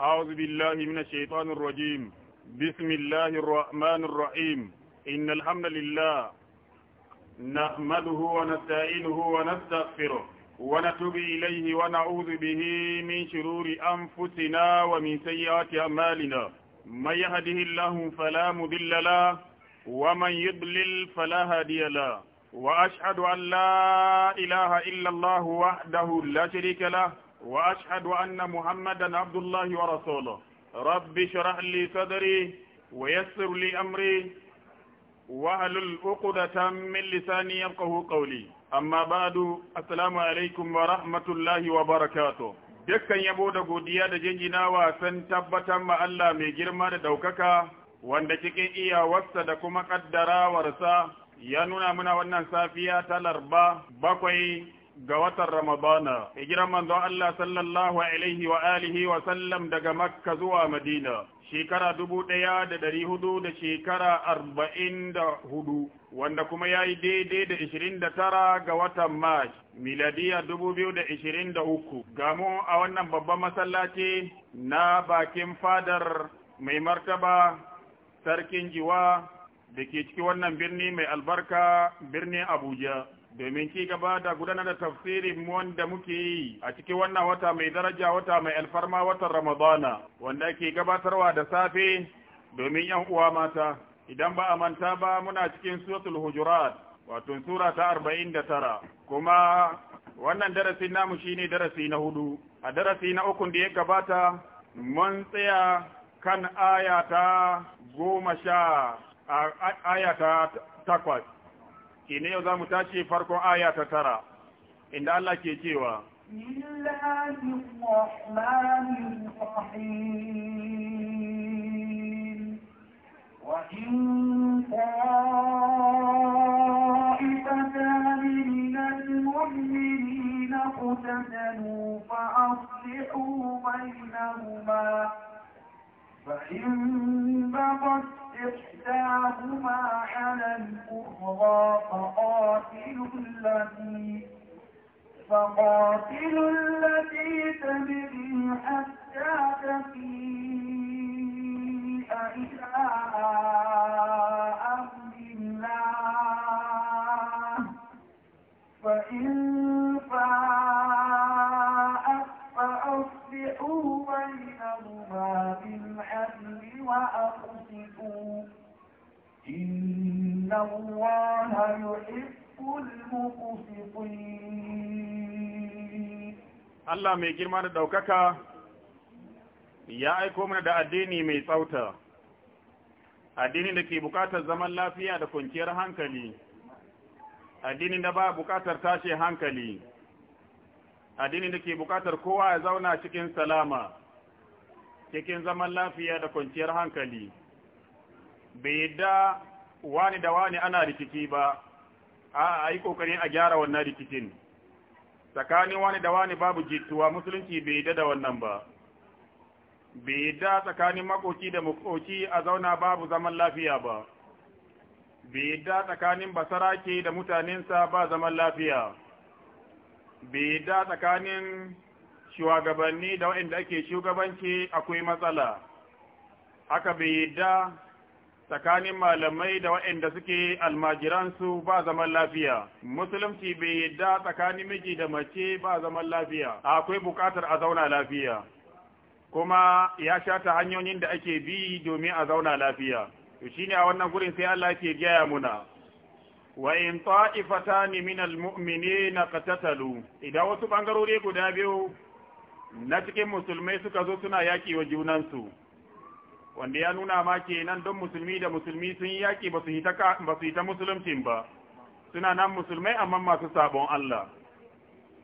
أعوذ بالله من الشيطان الرجيم بسم الله الرحمن الرحيم إن الحمد لله نحمده ونستعينه ونستغفره ونتوب إليه ونعوذ به من شرور أنفسنا ومن سيئات أعمالنا من يهده الله فلا مضل له ومن يضلل فلا هادي له وأشهد أن لا إله إلا الله وحده لا شريك له وأشهد أن محمدا عبد الله ورسوله رب اشرح لي صدري ويسر لي أمري واحلل عقدة من لساني يفقه قولي amma ba'du assalamu alaikum wa rahmatullahi wa dukkan yabo da godiya da jinjinawa wasan tabbatar ma Allah mai girma da daukaka wanda cikin iyawarsa da kuma ƙaddarawarsa ya nuna muna wannan safiya ta larba bakwai ga watan ramadana hijiran manzo Allah sallallahu alaihi wa alihi wa sallam daga makka zuwa madina shekara dubu ɗaya da ɗari hudu da shekara arba'in da hudu wanda kuma ya yi daidai da ishirin da tara ga watan mars miladiya dubu biyu da ishirin da uku gamu a wannan babban masallaci na bakin fadar mai martaba sarkin jiwa da ke ciki wannan birni mai albarka birnin Abuja domin ci gaba da gudanar da tafsirin wanda muke yi a ciki wannan wata mai daraja wata mai alfarma watan Ramadana wanda ke gabatarwa da safe domin yan uwa mata idan ba a manta ba muna cikin suratul hujurat wato sura ta arba'in da tara. kuma wannan darasi namu shine darasi na hudu a darasi na ukun da ya gabata mun tsaya kan ayata goma sha aya ta takwas kine yau za mu tashi farkon aya ta tara inda Allah ke cewa وإن طائفتان من المؤمنين إحداهما على الأخرى فقاتلوا التي فقاتلوا التي تبغي حتى تفيء إلى أمر الله فإن فاءت فأصلحوا بينهما بالعدل وأقوى allah mai girma da ɗaukaka ya aiko mana da addini mai tsauta addini da ke bukatar zaman lafiya da kwanciyar hankali addini da ba bukatar tashe hankali addini da ke bukatar kowa ya zauna cikin salama cikin zaman lafiya da kwanciyar hankali bai yadda wani da wani ana rikici ba a yi kokarin a gyara wannan rikicin tsakanin wani da wani babu jituwa musulunci bai yadda da wannan ba bai yadda tsakanin makoci da makoci a zauna babu zaman lafiya ba bai yadda tsakanin basarake da mutanensa ba zaman lafiya bai yadda tsakanin shugabanni da waɗanda ake shugabanci akwai matsala haka bai yadda tsakanin malamai da waɗanda suke almajiransu ba zaman lafiya musulunci bai yadda tsakanin miji da mace ba zaman lafiya akwai buƙatar a zauna lafiya kuma ya shata hanyoyin da ake bi domin a zauna lafiya to shine a wannan gurin sai Allah ke gaya muna wa in ta'ifatan min almu'minina qatatalu idan wasu bangarori guda biyu na cikin musulmai suka zo suna yaki wa junansu wanda ya nuna ma kenan don musulmi da musulmi sun yi yaƙi ba su yi ta musulmcin ba suna nan musulmai amma masu sabon Allah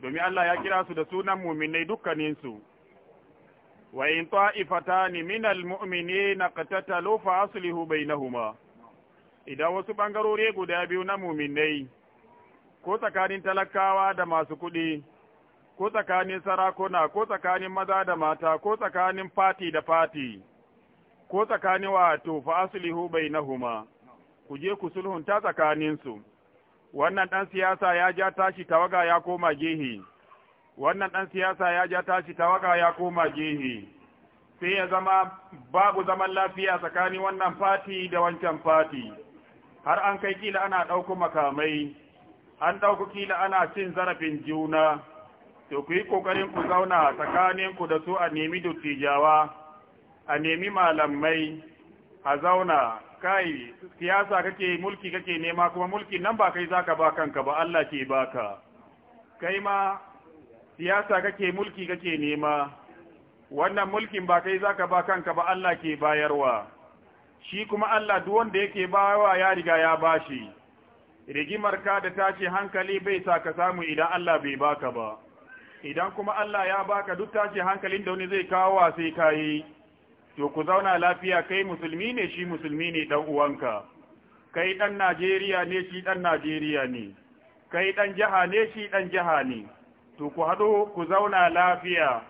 domin Allah ya kira su da sunan muminai dukkaninsu wa in ta'ifatani minal mu'minina qatatalu fa aslihu bainahuma idan wasu bangarori guda biyu na muminai ko tsakanin talakawa da masu kuɗi ko tsakanin sarakuna ko tsakanin maza da mata ko tsakanin fati da fati ko tsakani wato fa aslihu bainahuma ku je ku sulhunta tsakaninsu wannan ɗan siyasa ya ja tashi tawaga ya koma gehe wannan ɗan siyasa ya ja tashi tawaga ya koma gehe sai ya zama babu zaman lafiya tsakanin wannan fati da wancan fati har an kai kila ana ɗauko makamai an ɗauko kila ana cin zarafin juna to ku yi ƙoƙarin ku zauna tsakaninku da su a nemi jawa. a nemi malamai a zauna kai siyasa kake mulki kake nema kuma mulki nan ba kai zaka ba kanka ba Allah ke baka kai ma siyasa kake mulki kake nema wannan mulkin ba kai zaka ba kanka ba Allah ke bayarwa shi kuma Allah duk wanda yake bayarwa ya riga ya bashi rigimar ka da tashi hankali bai sa ka samu idan Allah bai baka ba idan kuma Allah ya baka duk tashi hankalin da wani zai kawo sai kayi to ku zauna lafiya kai musulmi ne shi musulmi ne dan uwanka kai dan Najeriya ne shi dan Najeriya ne kai dan jiha ne shi dan jaha ne to ku haɗu ku zauna lafiya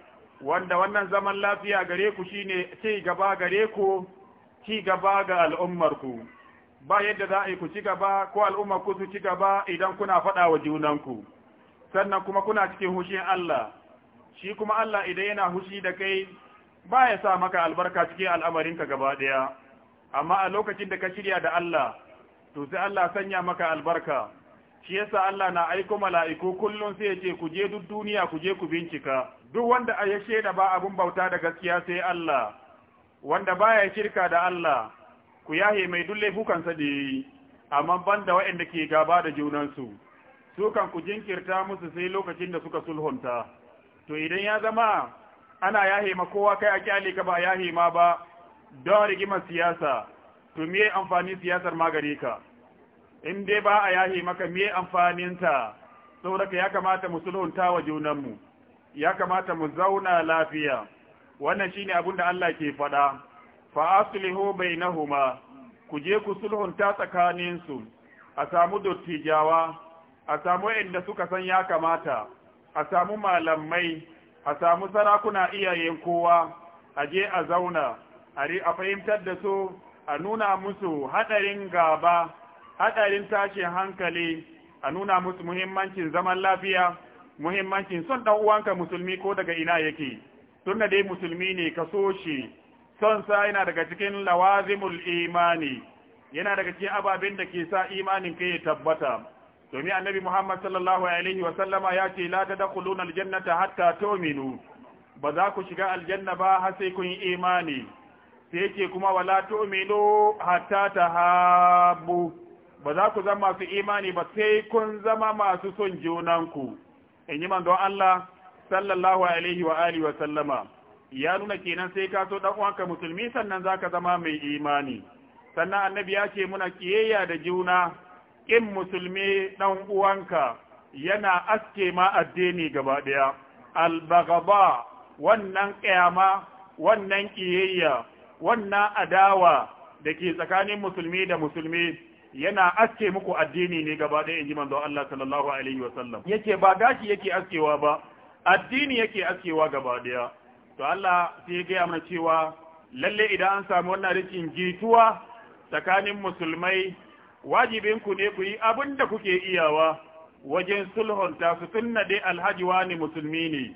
wanda wannan zaman lafiya gare ku shine ci gaba gare ku ci gaba ga al'ummar ku ba yadda za a ku ci gaba ko al'ummar ku su ci gaba idan kuna faɗa wa junanku sannan kuma kuna cikin hushin Allah shi kuma Allah idan yana hushi da kai ba ya sa maka albarka cikin al'amarinka gaba ɗaya amma a lokacin da ka shirya da Allah to sai Allah sanya maka albarka shi yasa Allah na aiko mala'iku kullum sai ya ce ku je duk duniya ku je ku bincika duk wanda a ya shaida ba abun bauta da gaskiya sai Allah wanda baya shirka da Allah ku yahe mai dulle hukansa da yi amma banda waɗanda ke gaba da junansu su kan ku jinkirta musu sai lokacin da suka sulhunta to idan ya zama ana yahe ma kowa kai a kyale ka ba yahe ma ba don rigimar siyasa to me amfani siyasar ma gare ka in dai ba a yahe maka me amfaninta, ta saboda ya kamata mu sulhunta wa junanmu ya kamata mu zauna lafiya wannan shine abin da Allah ke faɗa fa aslihu bainahuma ku je ku sulhunta tsakaninsu a samu dottijawa a samu inda suka san ya kamata a samu malamai a samu sarakuna iyayen kowa a je a zauna a fahimtar da su a nuna musu haɗarin gaba haɗarin tashin hankali a nuna musu muhimmancin zaman lafiya muhimmancin son ɗan uwanka musulmi ko daga ina yake tunda dai musulmi ne ka so shi son sa yana daga cikin lawazimul imani yana daga cikin ababen da ke sa imanin ka ya tabbata domin annabi Muhammad sallallahu alaihi wa sallama ya ce la tadkhuluna aljannata hatta tu'minu ba za ku shiga aljanna ba har sai kun yi imani sai yake kuma wala tu'minu hatta tahabu ba za ku zama masu imani ba sai kun zama masu son junanku in yi manzon Allah sallallahu alaihi wa alihi wa sallama ya nuna kenan sai ka so dan uwanka musulmi sannan zaka zama mai imani sannan annabi ya ce muna kiyayya da juna in musulmi ɗan uwanka yana aske ma addini gaba ɗaya albagaba wannan ƙyama wannan ƙiyayya wannan adawa da ke tsakanin musulmi da musulmi yana aske muku addini ne gaba ɗaya in ji manzo Allah sallallahu alaihi wasallam yake ba gashi yake askewa ba addini yake askewa gaba ɗaya to Allah sai ya gaya mana cewa lalle idan an samu wannan rikin jituwa tsakanin musulmai wajibinku ne ku yi abin da kuke iyawa wajen sulhunta su sunna dai alhaji wani musulmi ne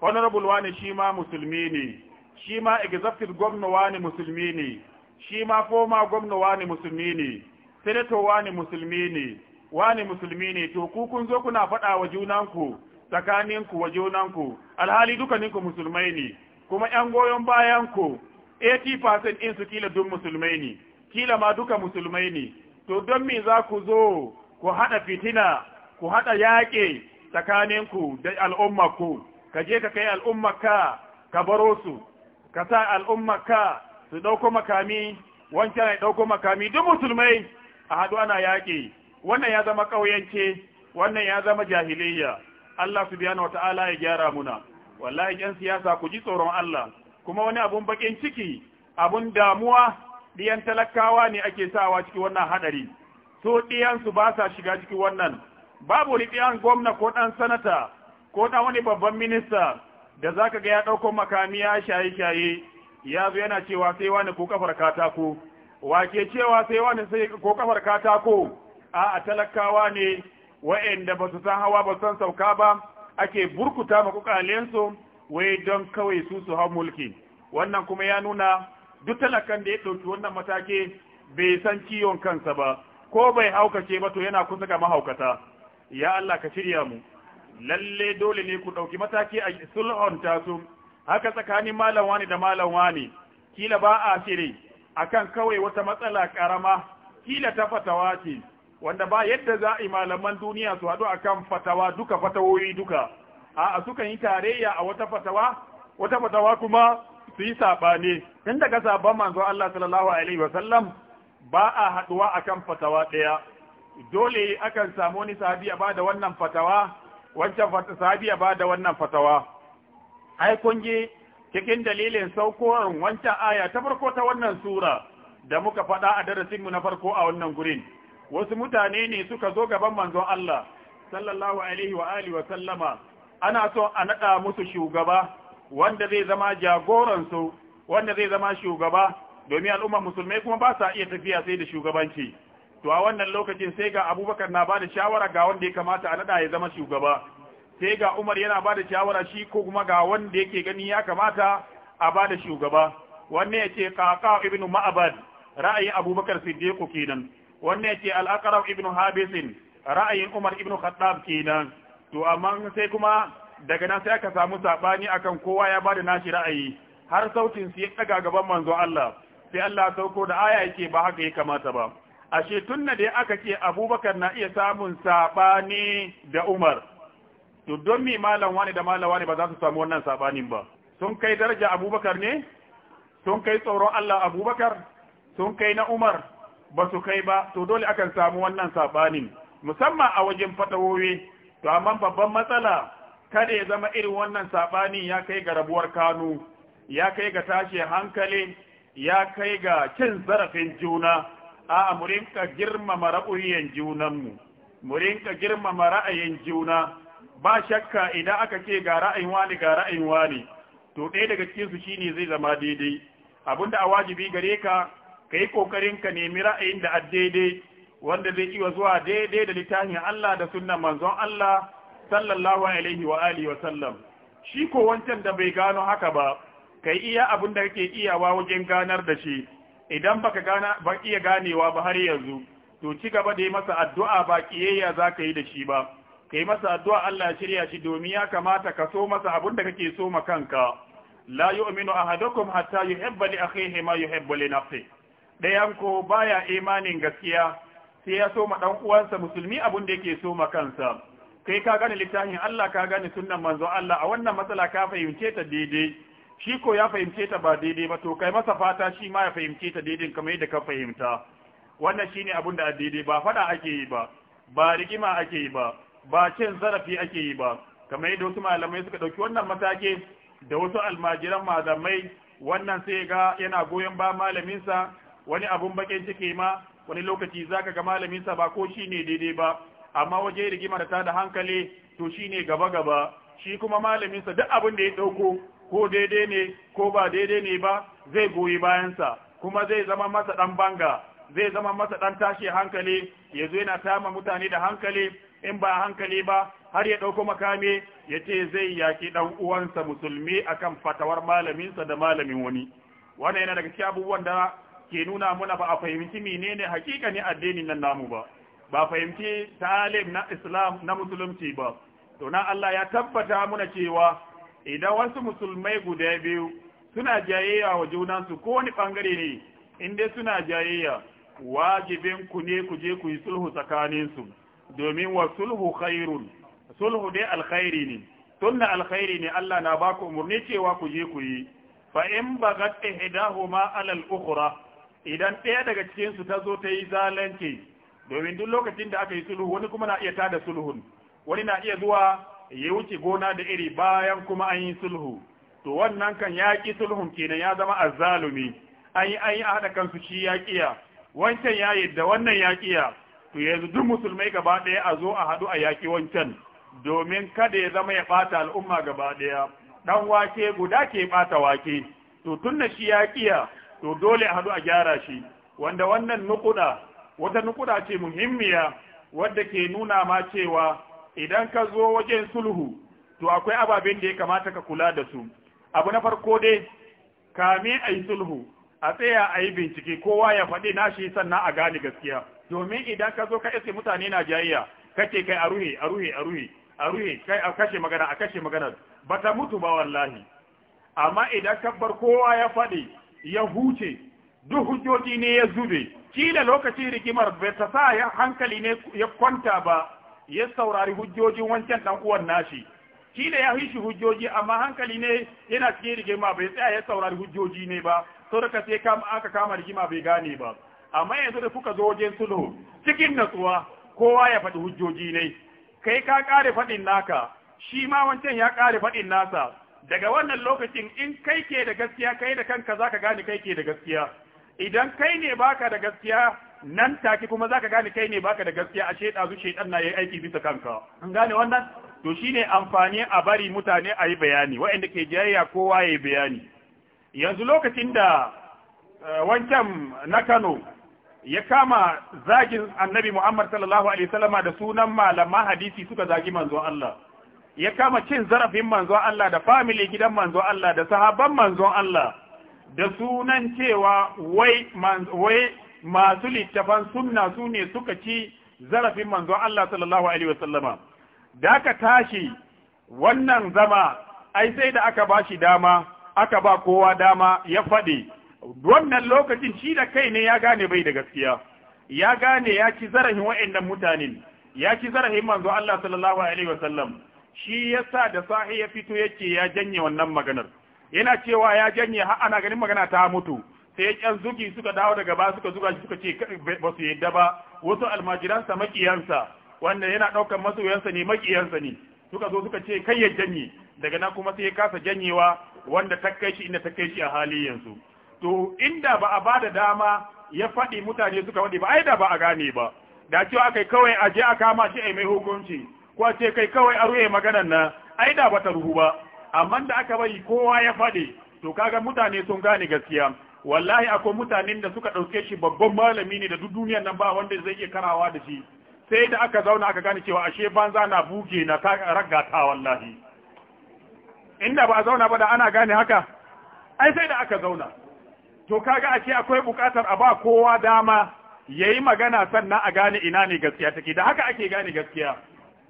honorable wani shi ma musulmi ne shi ma executive gwamna wani musulmi ne shi ma former gwamna wani musulmi ne senator wani musulmi ne wani musulmi ne to ku kun zo kuna faɗa wa junanku tsakaninku wa junanku alhali dukaninku musulmai ne kuma yan goyon bayanku 80% ɗin su kila duk musulmai ne kila ma duka musulmai ne to don me za ku zo ku haɗa fitina ku haɗa yaƙi tsakaninku da al'ummarku ka je ka kai al'umma ka baro su ka sa ka su ɗauko makami wancan ya ɗauko makami duk musulmai a haɗu ana yaƙi wannan ya zama ƙauyenci wannan ya zama jahiliya Allah subhanahu wata'ala ya gyara muna wallahi yan siyasa ku ji tsoron Allah kuma wani abun bakin ciki abun damuwa ɗiyan talakawa ne ake sawa cikin wannan haɗari so ɗiyansu ba sa shiga cikin wannan babu ni ɗiyan gwamna ko ɗan sanata ko ɗan wani babban minista da za ka ga ya ɗauko makami ya shaye-shaye ya zo yana cewa sai wani ko kafar katako wake cewa sai wani sai ko kafar katako a a talakawa ne wa'anda ba su san hawa ba su san sauka ba ake burkuta makukalensu wai don kawai su su hau mulki wannan kuma ya nuna duk talakan da ya ɗauki wannan matake bai san ciwon kansa ba ko bai haukace ba to yana kusa ga mahaukata ya Allah ka shirya mu lalle dole ne ku ɗauki mataki a sulhon tasu haka tsakanin malam wani da malam wani kila ba a shiri akan kawai wata matsala karama kila ta fatawa ce wanda ba yadda za a yi malaman duniya su haɗu akan fatawa duka fatawoyi duka A'a suka yi tarayya a wata fatawa wata fatawa kuma su yi saɓani. tun daga sabon manzo Allah sallallahu alaihi wa sallam ba a haduwa akan fatawa daya dole akan samu wani sahabi ya bada wannan fatawa wancan sahabi ya bada wannan fatawa ai kun ji cikin dalilin saukowar wancan aya ta farko ta wannan sura da muka faɗa a darasin mu na farko a wannan gurin wasu mutane ne suka zo gaban manzon Allah sallallahu alaihi wa alihi wa sallama ana so a nada musu shugaba wanda zai zama jagoransu wanda zai zama shugaba domin al'ummar musulmai kuma ba sa iya tafiya sai da shugabanci to a wannan lokacin sai ga abubakar na ba da shawara ga wanda ya kamata a nada ya zama shugaba sai ga umar yana bada shawara shi ko kuma ga wanda yake gani ya kamata a ba da shugaba wanne yace qaqa ibn ma'abad ra'ayin abubakar siddiq kenan wanne yace al-aqra ibn habis ra'ayin umar ibn khattab kenan to amma sai kuma daga nan sai aka samu sabani akan kowa ya bada nashi ra'ayi har sautin su ya daga gaban manzo Allah sai Allah sauko da aya yake ba haka ya kamata ba ashe tunna da aka ce Abubakar na iya samun sabani da Umar to don me malam wani da malam wani ba za su samu wannan sabanin ba sun kai daraja Abubakar ne sun kai tsoron Allah Abubakar sun kai na Umar ba su kai ba to dole akan samu wannan sabanin musamman a wajen fatawowi to amma babban matsala kada ya zama irin wannan saɓanin ya kai ga rabuwar Kano. ya kai ga tashi hankali ya kai ga cin zarafin juna a mu rinka girmama ra'ayin junanmu mu rinka girmama ra'ayin juna ba shakka idan aka ce ga ra'ayin wani ga ra'ayin wani to ɗaya daga cikin su shine zai zama daidai abinda a wajibi gare ka kai kokarin ka nemi ra'ayin da daidai wanda zai iya zuwa daidai da littafin Allah da sunnan manzon Allah sallallahu alaihi wa alihi wa sallam shi ko wancan da bai gano haka ba kai iya abun da kake iyawa wajen ganar da shi idan baka gana ba iya ganewa ba har yanzu to ci gaba da yi masa addu'a ba kiyayya za ka yi da shi ba kai masa addu'a Allah ya shirya shi domin ya kamata ka so masa abun da kake so ma kanka la yu'minu ahadukum hatta yuhibba li akhihi ma yuhibbu li nafsihi dayan ko baya imanin gaskiya sai ya so ma dan uwansa musulmi abun da yake so ma kansa kai ka gane littafin Allah ka gane sunnan manzon Allah a wannan matsala ka fahimce ta daidai shi ko ya fahimce ta ba daidai ba to kai masa fata shi ma ya fahimce ta daidai kamar yadda ka fahimta wannan shine abin da a daidai ba fada ake yi ba ba rigima ake yi ba ba cin zarafi ake yi ba kamar yadda wasu malamai suka dauki wannan matake da wasu almajiran malamai wannan sai ga yana goyon ba malaminsa wani abun bakin cike ma wani lokaci zaka ga malamin sa ba ko shine daidai ba amma waje rigima da ta da hankali to shine gaba gaba shi kuma malaminsa duk abin da ya dauko ko daidai ne ko ba daidai ne ba zai goyi bayansa kuma zai zama masa dan banga zai zama masa dan tashi hankali ya zo yana tama mutane da hankali in ba hankali ba har ya ɗauko makami ya ce zai yaki ɗan uwansa musulmi akan fatawar malaminsa da malamin wani wannan yana daga cikin abubuwan da ke nuna muna ba a fahimci menene hakika ne addinin nan namu ba ba fahimci talim na islam na musulunci ba to na Allah ya tabbata muna cewa idan wasu musulmai guda biyu suna jayayya wa junansu ko wani bangare ne in dai suna jayayya wajibin ku ne ku je ku yi sulhu tsakaninsu domin wa sulhu khairun sulhu dai alkhairi ne tunna alkhairi ne Allah na ba ku umarni cewa ku je ku yi fa in bagat ihdahuma ala al-ukhra idan ɗaya daga cikin su ta zo ta yi zalunci domin duk lokacin da aka yi sulhu wani kuma na iya tada sulhun wani na iya zuwa ya wuce gona da iri bayan kuma an yi sulhu to wannan kan ya ƙi sulhun kenan ya zama azzalumi an yi an yi haɗa kansu shi ya ƙiya wancan ya yadda wannan ya to yanzu duk musulmai gaba ɗaya a zo a haɗu a yaƙi wancan domin kada ya zama ya ɓata al'umma gaba ɗaya ɗan wake guda ke ɓata wake to tun da shi ya to dole a haɗu a gyara shi wanda wannan nukuda wata nukuda ce muhimmiya wadda ke nuna ma cewa idan ka zo wajen sulhu to akwai ababen da ya kamata ka kula da su abu na farko dai kame a yi sulhu a tsaya a yi bincike kowa ya faɗi nashi sannan a gane gaskiya domin idan ka zo ka iske mutane na jayayya kace kai a ruhe a ruhe a ruhe a ruhe kai a kashe magana a kashe magana bata mutu ba wallahi amma idan ka bar kowa ya faɗi ya huce duk hujjoji ne ya zube kila lokacin rigimar bai ta sa hankali ne ya kwanta ba ya saurari hujjojin wancan dan uwan nashi shi ne ya hishi hujjoji amma hankali ne yana cikin rigima bai tsaya ya saurari hujjoji ne ba sau da sai kam aka kama rigima bai gane ba amma yanzu da kuka zo wajen sulhu cikin natsuwa kowa ya faɗi hujjoji ne kai ka kare faɗin naka shi ma wancan ya kare faɗin nasa daga wannan lokacin in kai ke da gaskiya kai da kanka zaka gane kai ke da gaskiya idan kai ne baka da gaskiya nan take kuma zaka gane kai ne baka da gaskiya ashe zu sheidan na yayi aiki bisa kanka an gane wannan to shine amfani a bari mutane a yi bayani waɗanda ke jayayya kowa ya yi bayani yanzu lokacin da eh, wancan na Kano ya kama zagin annabi Muhammad sallallahu alaihi wasallama da sunan malaman hadisi suka zagi manzon Allah ya kama cin zarafin manzo Allah da family gidan manzon Allah da sahabban manzon Allah da sunan cewa wai wai masu littafan sunna su ne suka ci zarafin manzo Allah sallallahu alaihi wasallama da aka tashi wannan zama ai sai da aka ba shi dama aka ba kowa dama ya faɗi wannan lokacin shi da kai ne ya gane bai da gaskiya ya gane ya ci zarafin wa'annan mutanen ya ci zarafin manzo Allah sallallahu alaihi wasallam shi yasa da sahi ya fito yake ya janye wannan maganar yana cewa ya janye har ana ganin magana ta mutu sai yan zugi suka dawo daga ba suka zuga shi suka ce ba su yadda ba wasu almajiransa makiyansa wanda yana ɗaukar masoyansa ne makiyansa ne suka zo suka ce kai ya janye daga nan kuma sai ya kasa janyewa wanda ta kai shi inda ta kai shi a hali yanzu to inda ba a bada dama ya faɗi mutane suka faɗi ba ai da ba a gane ba da cewa akai kawai a je a kama shi a mai hukunci ko a ce kai kawai a ruye maganar nan ai da ba ta ruhu ba amma da aka bari kowa ya faɗi to kaga mutane sun gane gaskiya wallahi akwai mutanen da suka ɗauke shi babban malami ne da duk duniyar nan ba wanda zai iya karawa da shi sai da aka zauna aka gane cewa ashe banza na buge na ragata wallahi inda ba zauna ba da ana gane haka ai sai da aka zauna to kaga ashe akwai bukatar a ba kowa dama yayi magana sannan a gane ina ne gaskiya take da haka ake gane gaskiya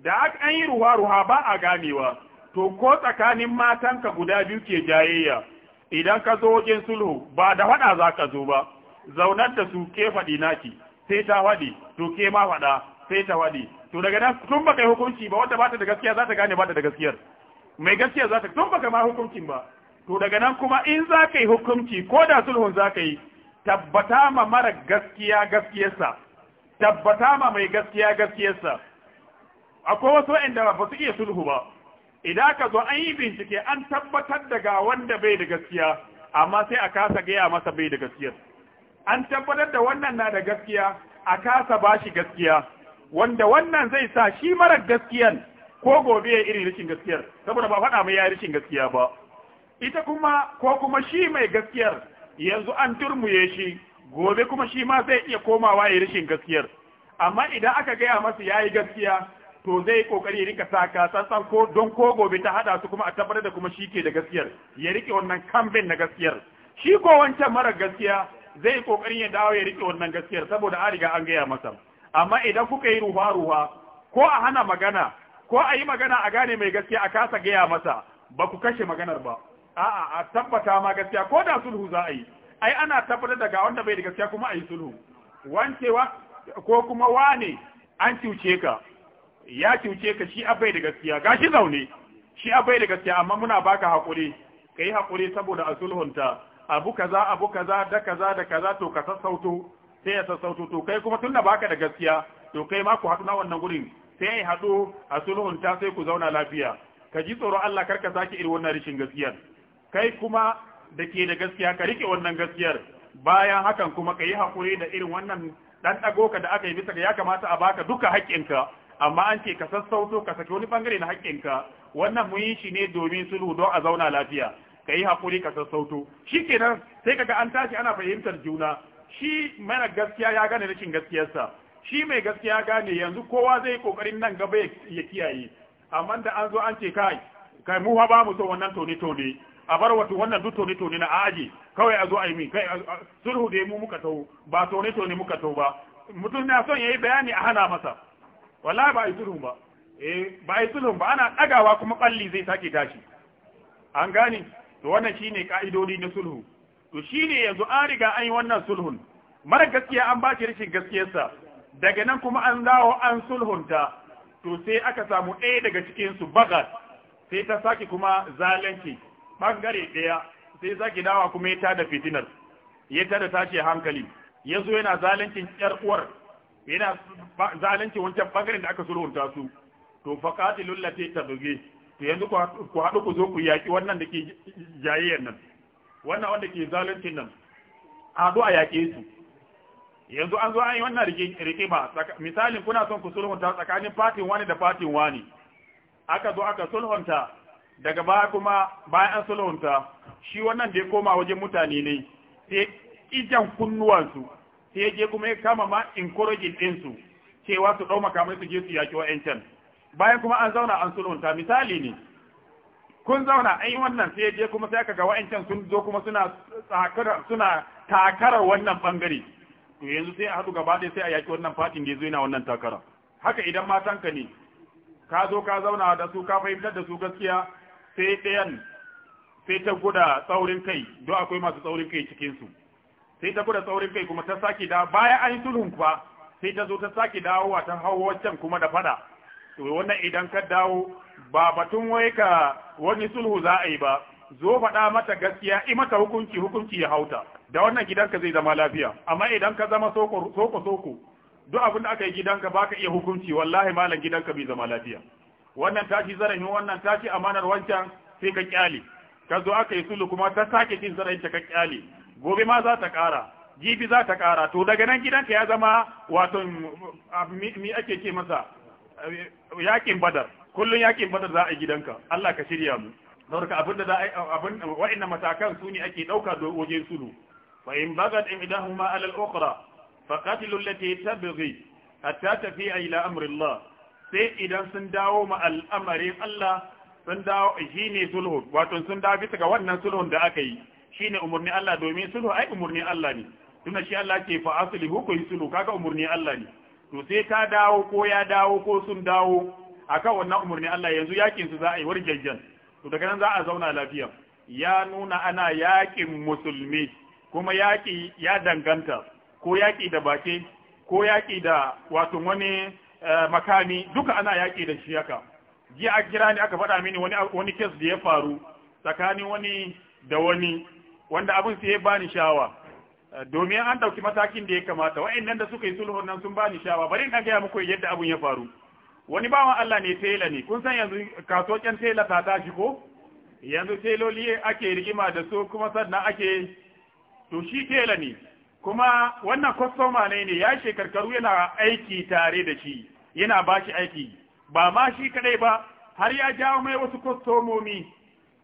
da aka an yi ruwa ruwa ba a ganewa to ko tsakanin matanka guda biyu ke jayayya idan ka zo wajen sulhu ba da faɗa za ka zo ba zaunar da su ke faɗi naki sai ta faɗi to ke ma faɗa sai ta faɗi to daga nan tun baka yi hukunci ba wanda bata da gaskiya za ta gane bata da gaskiyar mai gaskiya za ta tun baka ma hukuncin ba to daga nan kuma in za ka yi hukunci ko da sulhun za ka yi tabbata ma mara gaskiya gaskiyarsa tabbata ma mai gaskiya gaskiyarsa akwai wasu waɗanda ba su iya sulhu ba idan ka zo an yi bincike an tabbatar daga wanda bai da gaskiya amma sai a kasa gaya masa bai da gaskiya an tabbatar da wannan na da gaskiya a kasa ba shi gaskiya wanda wannan zai sa shi marar gaskiyan ko gobe ya irin rikin gaskiyar saboda ba faɗa mai ya rikin gaskiya ba ita kuma ko kuma shi mai gaskiyar yanzu an turmuye shi gobe kuma shi ma zai iya komawa ya rikin gaskiyar amma idan aka gaya masa ya yi gaskiya to zai kokari ya rika saka tsantsan ko don ko gobe ta hada su kuma a tabbatar da kuma shi ke da gaskiyar ya rike wannan kambin na gaskiyar shi ko wancan mara gaskiya zai kokari ya dawo ya rike wannan gaskiyar saboda an riga an gaya masa amma idan kuka yi ruwa ruwa ko a hana magana ko a yi magana a gane mai gaskiya a kasa gaya masa ba ku kashe maganar ba a'a a tabbata ma gaskiya ko da sulhu za a yi ai ana tabbatar da ga wanda bai da gaskiya kuma a yi sulhu wancewa ko kuma wane an cuce ka ya cuce ka shi abai da gaskiya gashi zaune shi abai da gaskiya amma muna baka hakuri kai hakuri saboda a sulhunta abu kaza abu kaza da kaza da kaza to ka sassauto sai ya sassauto to kai kuma tunda baka da gaskiya to kai ma ku haɗu wannan gurin sai ya haɗu a sulhunta sai ku zauna lafiya ka ji tsoro Allah kar ka sake irin wannan rishin gaskiyar kai kuma da ke da gaskiya ka rike wannan gaskiyar bayan hakan kuma ka yi hakuri da irin wannan dan dago ka da aka yi bisa ga ya kamata a baka duka haƙƙinka amma an ce ka sassauto ka saki wani bangare na haƙƙinka wannan mun yi shi ne domin sulhu don a zauna lafiya ka yi haƙuri ka sassauto shi kenan sai kaga an tashi ana fahimtar juna shi mana gaskiya ya gane rashin gaskiyarsa shi mai gaskiya ya gane yanzu kowa zai yi ƙoƙarin nan gaba ya kiyaye amma da an zo an ce kai kai mu ba mu so wannan tone tone a bar wato wannan duk tone tone na aji kawai a zo a yi min kai sulhu dai mu muka tau ba tone tone muka tau ba mutum na son yayi bayani a hana masa wallahi ba a yi ba eh ba a yi sulhu ba ana ɗagawa kuma ƙalli zai sake tashi an gane to wannan shine ka'idodi na sulhu to shine yanzu an riga an yi wannan sulhun mara gaskiya an ba shi rashin gaskiyarsa daga nan kuma an dawo an sulhunta to sai aka samu ɗaya daga cikin su baga sai ta saki kuma zalunci bangare ɗaya sai saki dawa kuma ya tada fitinar ya tada tashi hankali ya zo yana zaluncin ƴar uwar yana zalunci wancan bangaren da aka sulhunta su to fa qatilul lati tabghi to yanzu ku haɗu ku zo ku yaki wannan da ke jayayyar nan wannan wanda ke zaluncin nan a zo a yaƙe su yanzu an zo an yi wannan ba misalin kuna son ku sulhunta tsakanin fatin wani da fatin wani aka zo aka sulhunta daga baya kuma bayan an sulhunta shi wannan da ya koma wajen mutane ne sai ijan kunnuwansu sai ya je kuma ya kama ma encouraging din su cewa su dau makamai su je su yaki wa'ancan bayan kuma an zauna an sulunta misali ne kun zauna ai wannan sai je kuma sai ga wa'ancan sun zo kuma suna tsakara suna takarar wannan bangare to yanzu sai a hadu gaba ɗaya sai a yaki wannan fatin da yazo yana wannan takara haka idan matan ka ne ka zo ka zauna da su ka fahimtar da su gaskiya sai ɗayan sai ta guda tsaurin kai don akwai masu tsaurin kai cikin su sai ta gwada saurin kai kuma ta sake da baya an yi sulhun kuwa sai ta zo ta sake dawowa ta hau waccan kuma da fada to wannan idan ka dawo ba batun wai ka wani sulhu za a yi ba zo faɗa mata gaskiya i mata hukunci hukunci ya hauta da wannan gidanka zai zama lafiya amma idan ka zama soko soko soko duk abin da aka yi gidanka baka iya hukunci wallahi malam gidanka bai zama lafiya wannan tashi zarafin wannan tashi amanar wancan sai ka kyale ka zo aka yi sulhu kuma ta sake cin zarafin ka kyale gobe ma za ta ƙara jibi za ta ƙara to daga nan gidanka ya zama wato mi ake ce masa eh, yakin badar kullun yakin badar za a yi gidanka Allah ka shirya mu saboda da za a abin wa'annan matakan su ne ake dauka do wajen sulu fa in bagat ihdahuma ala al-ukhra faqatilu allati tabghi hatta tafi'a ila amri Allah sai idan sun dawo ma al'amarin Allah sun dawo shine sulhu wato sun dawo bisa ga wannan sulhun da aka yi shine umurni Allah domin sulhu ai umurni Allah ne tunda shi Allah ke fa aslihu ku sulhu kaga umurni Allah ne to sai ka dawo ko ya dawo ko sun dawo akan wannan umurni Allah yanzu yakin su za a yi warjejjen to daga nan za a zauna lafiya ya nuna ana yakin musulmi kuma yaki ya danganta ko yaki da bake ko yaki da wato wani eh, makami duka ana yaki da shi haka jiya a kira ni aka faɗa mini wani wani kes da ya faru tsakanin wani da wani wanda abin sai ya bani shawa eh, domin an dauki matakin da ya kamata wa'annan da suka yi sulhun nan sun bani shawa bari in ga muku yadda abin ya faru wani bawan Allah ne tela ne kun san yanzu kasuwancin tela ta tashi ko yanzu teloli ake rigima da su kuma sannan ake to shi tela ne kuma wannan kwastoma ne ne ya shekarkaru yana aiki tare da shi yana ba shi aiki ba ma shi kadai ba har ya jawo mai wasu kwastomomi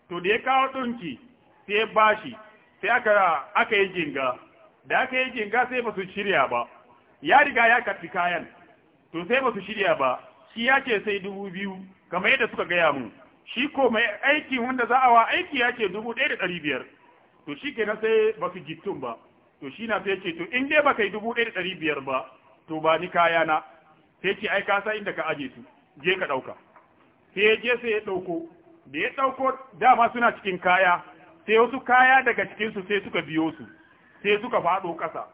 to da ya kawo ɗunki sai ya ba shi sai aka aka yi jinga da aka yi jinga sai ba su shirya ba ya riga ya karfi kayan to sai ba su shirya ba shi ya ce sai dubu biyu kamar yadda suka gaya mu shi ko mai aiki wanda za a wa aiki ya ce dubu ɗaya da ɗari biyar to shi kenan sai ba su gittun ba to shi na sai ce to in dai baka yi dubu ɗaya da ɗari biyar ba to ba ni kaya na sai ce ai ka inda ka aje su je ka ɗauka sai ya je sai ya ɗauko da ya ɗauko dama suna cikin kaya sai wasu kaya daga cikinsu sai suka biyo su sai suka faɗo ƙasa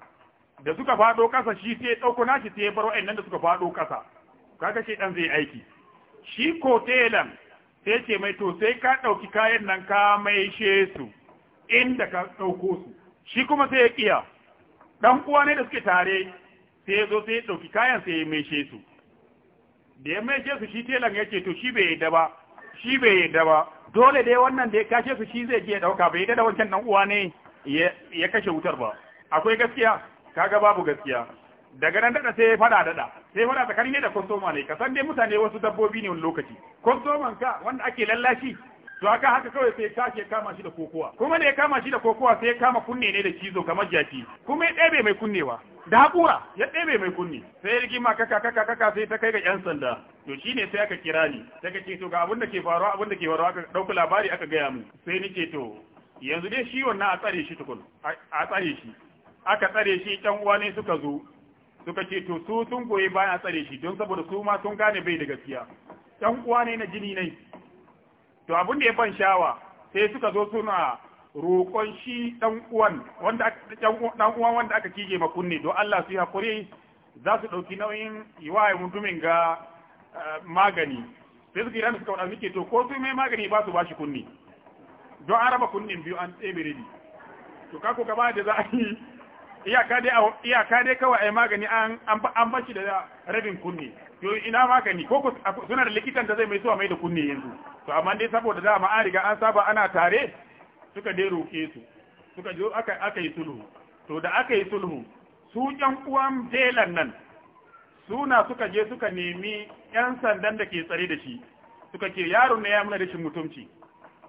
da suka faɗo ƙasa shi sai ɗauko nashi sai ya bar wa'annan da suka faɗo ƙasa kaga shi dan zai aiki shi ko telan sai ce mai to sai ka ɗauki kayan nan ka maishe su inda ka ɗauko su shi kuma sai ya kiya dan uwa ne da suke tare sai zo sai ɗauki kayan sai ya maishe su da ya maishe su shi telan ya ce to shi bai yadda ba shi bai yadda ba dole dai wannan da ya kashe su shi zai je ya dauka bai da wancan dan uwa ne ya kashe wutar ba akwai gaskiya kaga babu gaskiya daga nan dada sai fada daɗa. sai fada tsakanin ne da kwastoma ne san dai mutane wasu dabbobi ne wani lokaci kwastoman ka wanda ake lallashi to aka haka kawai sai ka ke kama shi da kokowa kuma ne ya kama shi da kokowa sai ya kama kunne ne da cizo kamar jaki kuma ya ɗebe mai kunnewa da haƙura ya ɗebe mai kunne sai rigima kaka kaka kaka sai ta kai ga yan sanda to ne sai aka kira ni sai ka ce to ga abin da ke faruwa abin da ke faruwa aka ɗauki labari aka gaya min sai ni ce to yanzu dai shi wannan a tsare shi tukun a tsare shi aka tsare shi ɗan uwa ne suka zo suka ce to su sun goyi bayan a tsare shi don saboda su ma sun gane bai da gaskiya ɗan uwa ne na jini ne to abin da ya ban shawa sai suka zo suna roƙon shi dan uwan wanda dan uwan wanda aka kije kunne don Allah su yi hakuri za su ɗauki nauyin ya mutumin ga eh, magani sai suka yi ranar suka waɗanda suke to ko su mai magani ba su ba shi kunni don an raba kunnin biyu an tsebere ni to kako gaba da za a yi iyaka dai kawai a yi magani an bashi da rabin kunni to ina magani ko ku suna da likitan da zai mai zuwa mai da kunne yanzu to amma dai saboda ma an riga an saba ana tare suka dai roke su suka jo aka aka yi sulhu to da aka yi sulhu su ƴan uwan jelan nan suna suka je suka nemi ƴan sandan da ke tsare da shi suka ce yaron ne ya muna rashin mutumci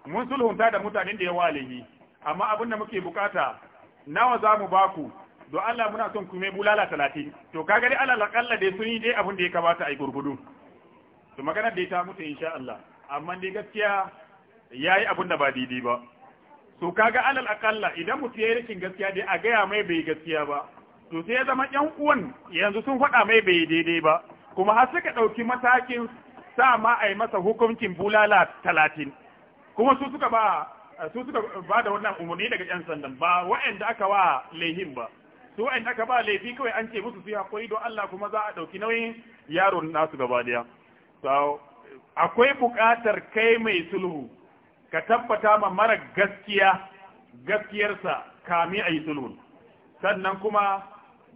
mun sulhunta da mutanen da ya walehi amma abin da muke bukata nawa za mu baku don Allah muna son ku mai bulala talatin to kaga dai alal akalla dai sun yi dai abin da ya kamata a yi gurgudu to magana dai ta mutu insha Allah amma dai gaskiya yayi abin da ba daidai ba to kaga alal akalla idan mutum yayi rikin gaskiya dai a gaya mai bai gaskiya ba to sai ya zama yan uwan yanzu sun faɗa mai bai daidai ba kuma har suka ɗauki matakin sa ma a yi masa hukuncin bulala talatin kuma su suka ba su suka ba da wannan umarni daga 'yan sandan ba wa'anda aka wa laihin ba to wa'in aka ba laifi kawai an ce musu su haƙuri don Allah kuma za a ɗauki nauyin yaron nasu gaba daya akwai buƙatar kai mai sulhu ka tabbata ma mara gaskiya gaskiyarsa kami a yi sulhu sannan kuma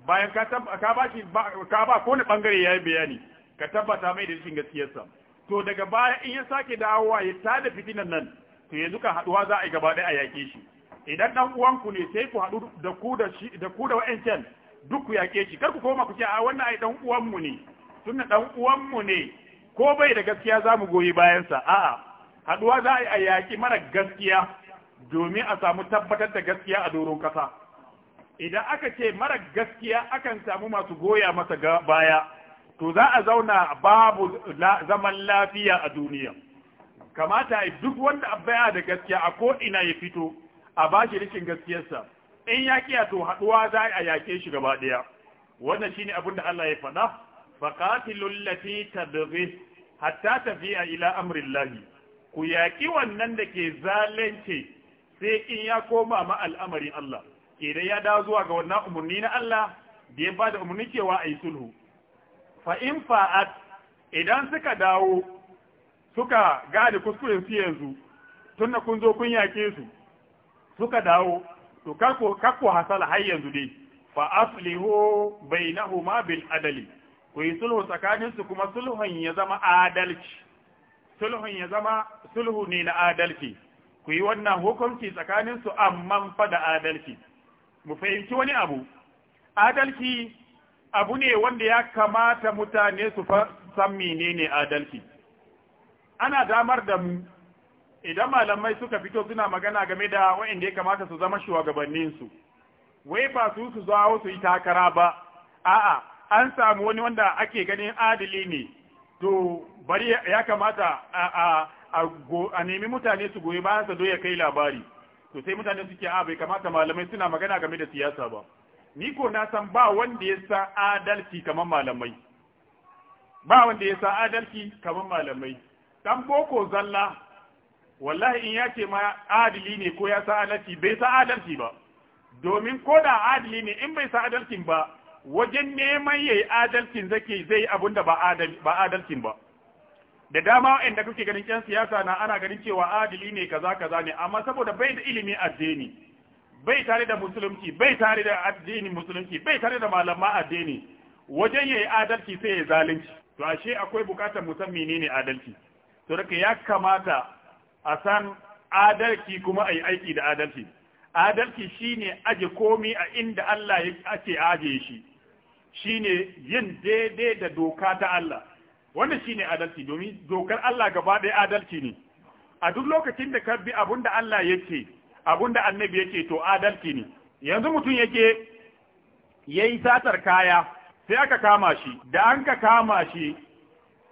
bayan ka ba ko ni bangare ya yi bayani ka tabbata mai da rashin gaskiyarsa to daga baya in ya sake dawowa ya tada fitinan nan to yanzu kan haɗuwa za a yi gaba ɗaya a yaƙe shi idan dan uwanku ne sai ku haɗu da ku da shi da ku da wa'ancan duk ku yake shi kar ku koma ku ce a wannan ai dan uwanmu ne tunda dan uwanmu ne ko bai da gaskiya za mu goyi bayansa a'a haɗuwa za a yi yaƙi mara gaskiya domin a samu tabbatar da gaskiya a doron ƙasa idan aka ce mara gaskiya akan samu masu goya masa baya to za a zauna babu zaman lafiya a duniya kamata duk wanda baya da gaskiya a ko ina ya fito a ba shi rikin gaskiyarsa in ya kiya to haduwa za a yake shi gaba daya wannan shine abin da Allah ya faɗa faqatilul lati tabghi hatta tafi'a ila amrillahi ku yaki wannan da ke zalunci sai in ya koma ma al'amarin Allah idan ya dawo zuwa ga wannan umurni na Allah da ya ba da umurni cewa ayi sulhu fa in fa'at idan suka dawo suka gane kuskuren su yanzu tunda kun zo kun yake su suka dawo to kako kako hasala har yanzu dai fa aslihu bainahuma bil adali ku yi sulhu tsakanin su kuma sulhun ya zama adalci sulhun ya zama sulhu ne na adalci ku yi wannan hukunci tsakanin su amma fa da adalci mu fahimci wani abu adalci abu ne wanda ya kamata mutane su san menene adalci ana damar da idan malamai suka fito suna magana game da waɗanda ya kamata su zama shugabanninsu wai ba su su zawo su yi takara ba a'a an samu wani wanda ake ganin adali ne to bari ya kamata a nemi mutane su goyi bayan sa ya kai labari to sai mutane suke a bai kamata malamai suna magana game da siyasa ba ni ko na san ba wanda ya san adalci kamar malamai ba wanda ya san adalci kamar malamai dan boko zalla wallahi in ya ce ma adili ne ko ya sa adalci bai sa adalci ba domin ko da adili ne in bai sa adalcin ba wajen neman yayi adalcin zake zai abun da ba adalcin ba da dama inda kuke ganin yan siyasa na ana ganin cewa adili ne kaza kaza ne amma saboda bai da ilimi addini bai tare da musulunci bai tare da addini musulunci bai tare da malama addini wajen yayi adalci sai ya zalunci to ashe akwai bukatar musamman menene adalci to da ya kamata a san adalci kuma a yi aiki da adalci adalci shine aje komi a inda Allah ake aje shi shine yin daidai da doka ta Allah shi shine adalci domin dokar Allah gaba ɗaya adalci ne a duk lokacin da ka bi da Allah ya ce, yake da annabi ya ce to adalci ne yanzu mutum ya ke ya yi satar kaya sai aka kama shi da an ka kama shi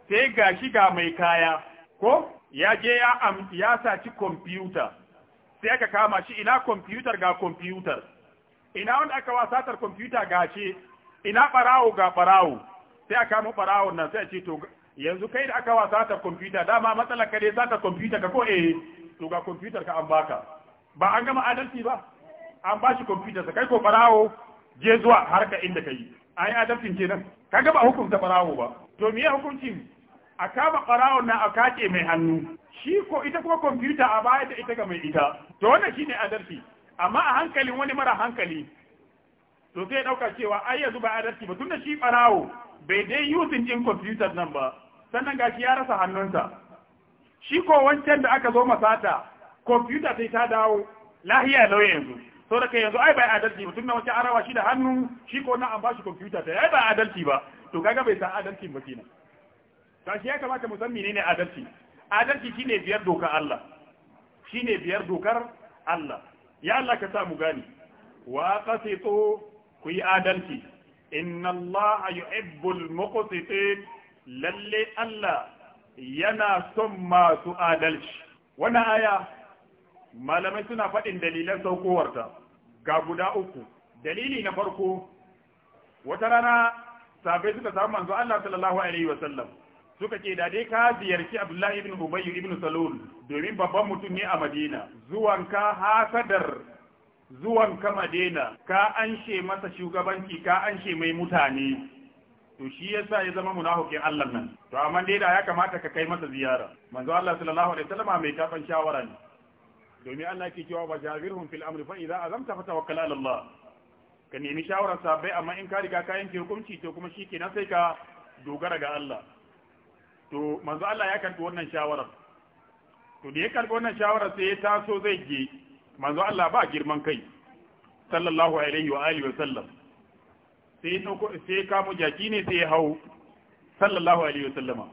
sai ga shi ga mai kaya ko ya je ya saci kwamfuta sai aka kama shi ina kwamfutar ga kwamfutar ina wanda aka wa satar kwamfuta ga ce ina barawo ga barawo sai aka kama barawon nan sai a ce to yanzu kai da aka wa satar kwamfuta dama matsalar ka dai satar kwamfuta ka ko eh to ga kwamfutar ka an baka ba an gama adalci ba an ba shi kwamfutar sa kai ko barawo je zuwa harka inda ka yi an yi adalcin kenan kaga ba hukunta barawo ba to me hukuncin a kama ɓarawon na a kake mai hannu shi ko ita kuma kwamfuta a baya da ita ga mai ita to wannan ne adalci amma a hankalin wani mara hankali to sai ɗauka cewa ai yanzu ba adalci ba tunda shi ɓarawo bai dai yusin ɗin kwamfuta nan ba sannan ga shi ya rasa hannunsa shi ko wancan da aka zo masata kwamfuta sai ta dawo lahiya lau yanzu so da yanzu ai bai adalci ba tunda wancan arawa shi da hannu shi ko na an bashi kwamfuta ta ai ba adalci ba to kaga bai sa adalci ba kenan kashi ya kamata mu san menene adalci adalci shine biyar dokar Allah shine biyar dokar Allah ya Allah ka sa mu gani wa qasitu ku yi adalci inna Allah yuhibbul muqsitin lalle Allah yana son masu adalci wannan aya malamai suna faɗin dalilan saukowarta ga guda uku dalili na farko wata rana sabai suka samu manzo Allah sallallahu alaihi wa sallam suka ce da dai ka ziyarci Abdullahi ibn Ubay ibn Salul domin babban mutum ne a Madina ka hasadar ka Madina ka anshe masa shugabanci ka anshe mai mutane to shi yasa ya zama munafikin Allah nan to amma dai da ya kamata ka kai masa ziyara manzo Allah sallallahu alaihi wasallam mai tafan shawara ne domin Allah ke cewa wa jabirhum fil amri fa idza azamta fatawakkal ala Allah ka nemi shawarar sabai amma in ka riga ka yanke hukunci to kuma shi kenan sai ka dogara ga Allah to manzo Allah ya karbi wannan shawarar to da ya karbi wannan shawarar sai ya taso zai je manzo Allah ba girman kai sallallahu alaihi wa alihi wa sallam sai dauko sai kamo jaki ne sai ya hau sallallahu alaihi wa sallama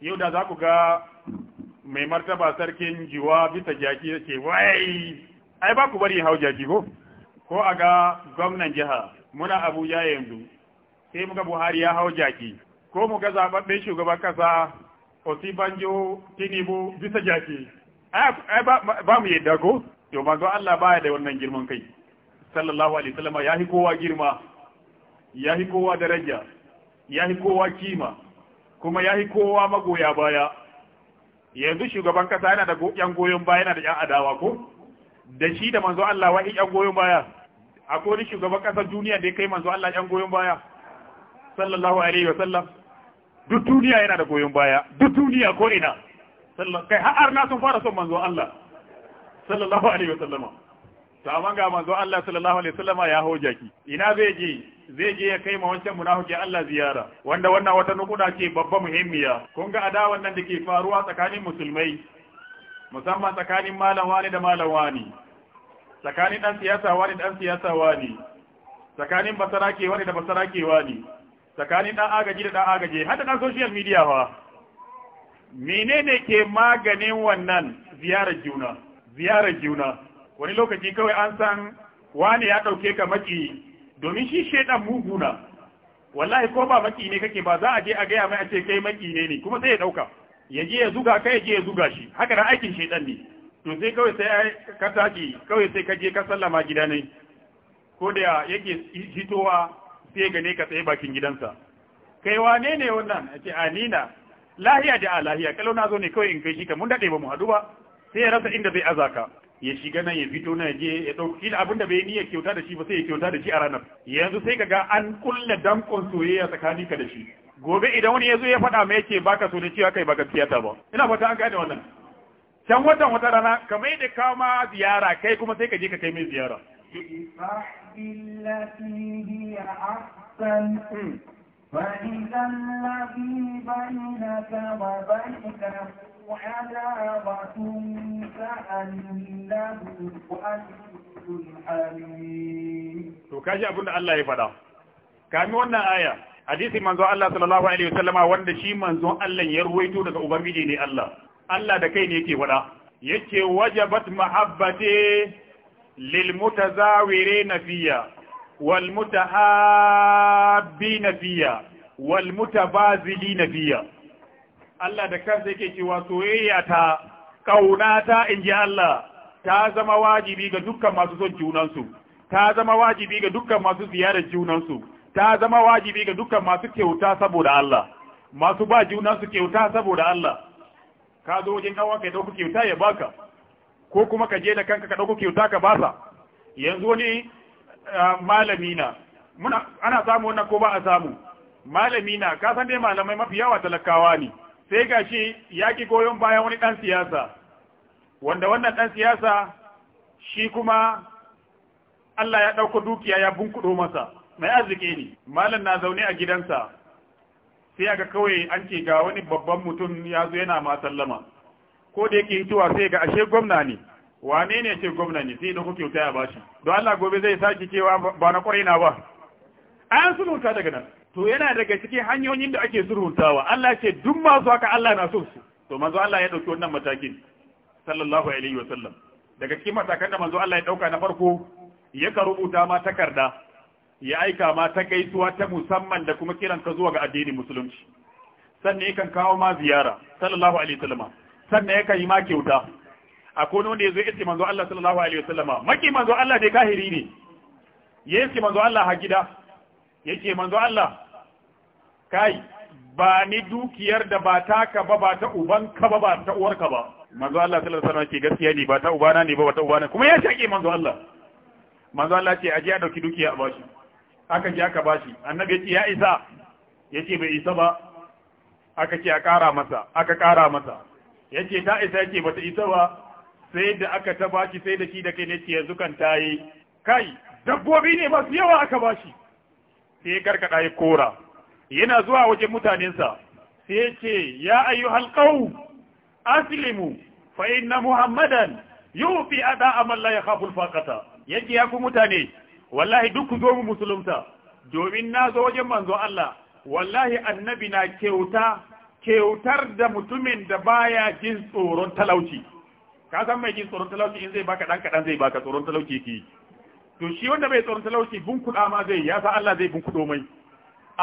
yau da za ku ga mai martaba sarkin jiwa bisa jaki yake wai ai ba ku bari hau jaki ko ko a ga gwamnan jiha muna abuja yanzu sai muka buhari ya hau jaki ko mu ga zaɓaɓɓen shugaban ƙasa banjo tinibu bisa jaki ai ba mu yadda ko to manzo Allah baya da wannan girman kai sallallahu alaihi wasallam yahi kowa girma yahi kowa daraja yahi kowa kima kuma yahi kowa magoya baya yanzu shugaban kasa yana da yan goyon baya yana da yan adawa ko da shi da manzo Allah wahi yan goyon baya akwai shugaban kasar duniya da ya kai manzo Allah yan goyon baya sallallahu alaihi wasallam duk duniya yana da goyon baya duk duniya ko ina kai har na sun fara son manzo Allah sallallahu alaihi wasallama to amma ga manzo Allah sallallahu alaihi wasallama ya hoja ki ina zai je zai je ya kai ma wancan munafiki Allah ziyara wanda wannan wata nukuda ce babba muhimmiya kun ga adawa nan dake faruwa tsakanin musulmai musamman tsakanin malam wani da malam wani tsakanin dan siyasa wani dan siyasa wani tsakanin basara ke wani da basara ke wani tsakanin ɗan agaji da ɗan agaji hada na social media mene menene ke maganin wannan ziyarar juna ziyarar juna wani lokaci kawai an san wane ya ɗauke ka maki domin shi shaidan muguna wallahi ko ba maki ne kake ba za a je a gaya mai a ce kai maki ne ne kuma sai ya ɗauka ya je ya zuga kai ya je ya zuga shi haka na aikin shaidan ne to sai kawai sai ka taki kawai sai ka je ka sallama gida ne ko da yake hitowa sai ne ka tsaye bakin gidansa kai wane ne wannan ce anina lahiya da lahiya kalau na zo ne kawai in kai shi ka mun dade ba mu haɗu ba sai ya rasa inda zai azaka ya shiga nan ya fito na je ya dauki da bai niyya kyauta da shi ba sai ya kyauta da shi a ranar yanzu sai kaga an kulle dankon soyayya tsakaninka da shi gobe idan wani ya zo ya faɗa mai yake baka so da cewa kai baka tiyata ba ina fata an gane wannan can watan wata rana kamar da kama ziyara kai kuma sai ka je ka kai mai ziyara بالتي هي أحسن فإذا الذي بينك وبينه عداوة كأنه أجل حميم تكاجأ بنا الله يفضل kami wannan aya hadisi manzo Allah sallallahu alaihi wasallama wanda shi manzon Allah ya ruwaito daga ubangiji ne Allah Allah da kai ne yake faɗa yace wajabat mahabbati للمتزاورين فيها والمتحابين فيها والمتبازلين فيها Allah da kansa yake cewa soyayya ta kauna ta inji Allah ta zama wajibi ga dukkan masu son junansu ta zama wajibi ga dukkan masu ziyarar junansu ta zama wajibi ga dukkan masu kyauta saboda Allah masu ba junansu kyauta saboda Allah ka zo wajen kawo kai dauka kyauta ya baka ko kuma ka je da kanka ka dauko kyauta ka basa yanzu wani malami na ana samu wannan ko ba a samu malami na ka san dai malamai mafi yawa talakawa ne sai ga gashi yaki goyon bayan wani dan siyasa wanda wannan dan siyasa shi kuma Allah ya ɗauko dukiya ya bunkudo masa mai arziki ne malam na zaune a gidansa sai aka kawai an ce ga wani babban mutum ya zo yana ma sallama ko da yake hituwa sai ga ashe gwamna ne wane ne ce gwamna ne sai da kuke kyauta ya bashi don Allah gobe zai sake cewa ba na kwarai na ba an sulhunta daga nan to yana daga cikin hanyoyin da ake sulhuntawa Allah ce duk masu haka Allah na so su to manzo Allah ya dauki wannan matakin sallallahu alaihi wa sallam daga cikin matakan da manzo Allah ya dauka na farko ya ka rubuta ma takarda ya aika ma ta gaisuwa ta musamman da kuma kiran ka zuwa ga addinin musulunci sannan kan kawo ma ziyara sallallahu alaihi wa sallama sannan ya kai ma kyauta a wanda ya zo ya ce manzo Allah sallallahu alaihi wasallama maki manzo Allah dai kahiri ne ya ce manzo Allah ha gida yake manzo Allah kai ba ni dukiyar da ba taka ba ba ta ka ba ba ta ka ba manzo Allah sallallahu alaihi wasallama ke gaskiya ne ba ta ubana ne ba ba ta ubana kuma ya shake manzo Allah manzo Allah ce aje a dauki dukiya a bashi aka je aka bashi annabi ya ce ya isa yace bai isa ba aka ce a kara masa aka kara masa yake ta isa yake bata isa ba sai da aka ta bashi sai da shi da kai ne ce yanzu kan tayi kai dabbobi ne ba su yawa aka bashi sai ya karkada ya kora yana zuwa wajen mutanensa sai ya ce ya ayyuhal qaum aslimu fa inna muhammadan yufi ada amal la yakhafu al-faqata yace ya ku mutane wallahi duk ku zo mu musulunta domin na zo wajen manzo Allah wallahi annabi na kyauta kyautar da mutumin da baya jin tsoron talauci ka san mai jin tsoron talauci in zai baka dan kadan zai baka tsoron talauci ki to shi wanda bai tsoron talauci bun kuda ma zai ya san Allah zai bun kudo mai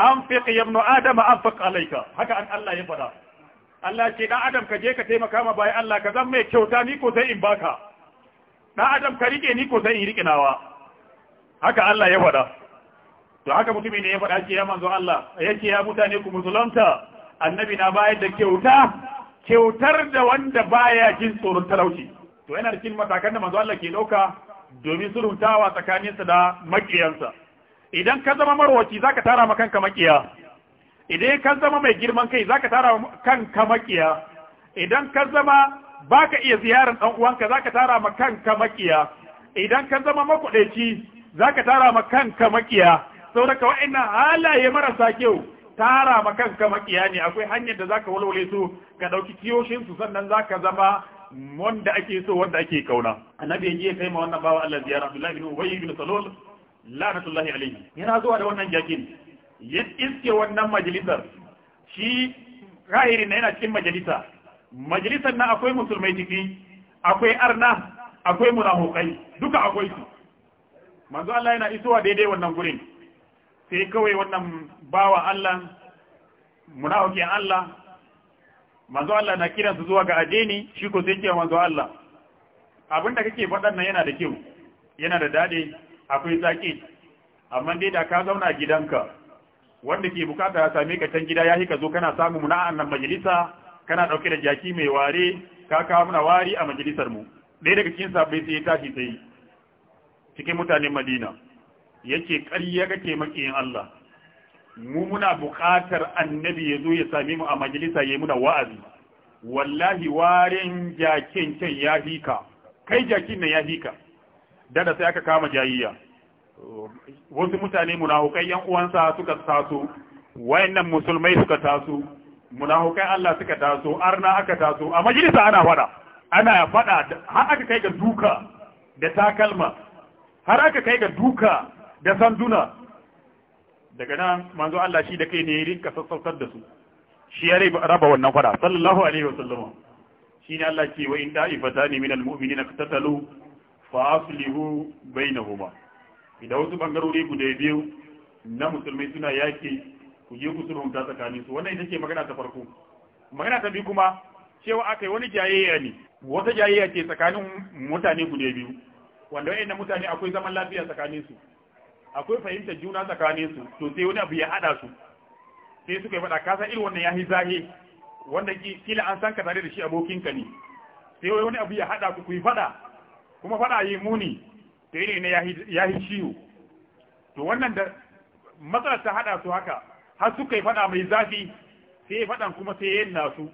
an fiqa ya ibnu adama afaq alayka haka an Allah ya fada Allah ce dan adam ka je ka taimaka ma bai Allah ka zan mai kyauta ni ko sai in baka dan adam ka rike ni ko sai in rike nawa haka Allah ya fada to haka mutumin ne ya fada ce ya manzo Allah yake ya mutane ku musulunta annabi na bayar da kyauta kyautar da wanda baya jin tsoron talauci to yana da cikin matakan da manzo Allah ke dauka domin surutawa tsakaninsa da makiyansa idan ka zama marwaci zaka tara ma kanka makiya idan ka zama mai girman kai zaka tara ma kanka makiya idan ka zama baka iya ziyarar dan uwanka zaka tara ma kanka makiya idan ka zama makudeci zaka tara ma kanka makiya saboda ka wa'annan halaye marasa kyau tara ma kanka makiya ne akwai hanyar da zaka walwale su ka dauki kiyoshin su sannan zaka zama wanda ake so wanda ake kauna annabi yaje kai ma wannan bawa Allah ziyara Abdullahi ibn Ubay ibn Salul la'natullahi alayhi yana zuwa da wannan jakin ya iske wannan majalisar shi rahirin yana cikin majalisa majalisar na akwai musulmai ciki akwai arna akwai munafukai duka akwai su manzo Allah yana isowa daidai wannan gurin sai kawai wannan bawa Allah munafikin Allah manzo Allah na kiransu zuwa ga addini shi ko sai ke manzo Allah abinda kake faɗan nan yana da kyau yana da dade akwai zaki amma dai da ka zauna gidanka wanda ke bukata ya same ka can gida yi ka zo kana samu muna a nan majalisa kana ɗauke da jaki mai ware ka kawo muna wari a majalisar mu ɗaya daga cikin sabbai sai ya tashi sai cikin mutanen Madina yake ƙarya kake makiyin Allah mu muna buƙatar annabi ya zo ya same mu a majalisa ya muna wa'azi wallahi warin jakin can ya hika kai jakin nan ya hika dada sai aka kama jayiya wasu mutane munafukai yan uwansa suka taso wayannan musulmai suka taso munafukai Allah suka taso arna aka taso a majalisa ana fada ana fada har aka kai ga duka da takalma har aka kai ga duka da sanduna daga nan manzo Allah shi da kai ne ya rinka sassautar da su shi ya raba wannan fara sallallahu alaihi wasallam ne Allah ke wa in da'ifatani minal mu'minina qatatalu fa aslihu bainahuma idan wasu bangarori guda biyu na musulmai suna yaki ku je ku sulhunta tsakanin su wannan ita ce magana ta farko magana ta biyu kuma cewa akai wani jayayya ne wata jayayya ce tsakanin mutane guda biyu wanda wayannan mutane akwai zaman lafiya tsakanin su akwai fahimtar juna tsakanin su to sai wani abu ya hada su sai suka yi faɗa ka san irin wannan yahi zahe wanda kila an san ka tare da shi abokin ka ne sai wani abu ya hada ku ku yi faɗa kuma faɗa yi muni to ne ne yahi ciwo to wannan da matsalar ta hada su haka har suka yi faɗa mai zafi sai ya faɗan kuma sai ya yin nasu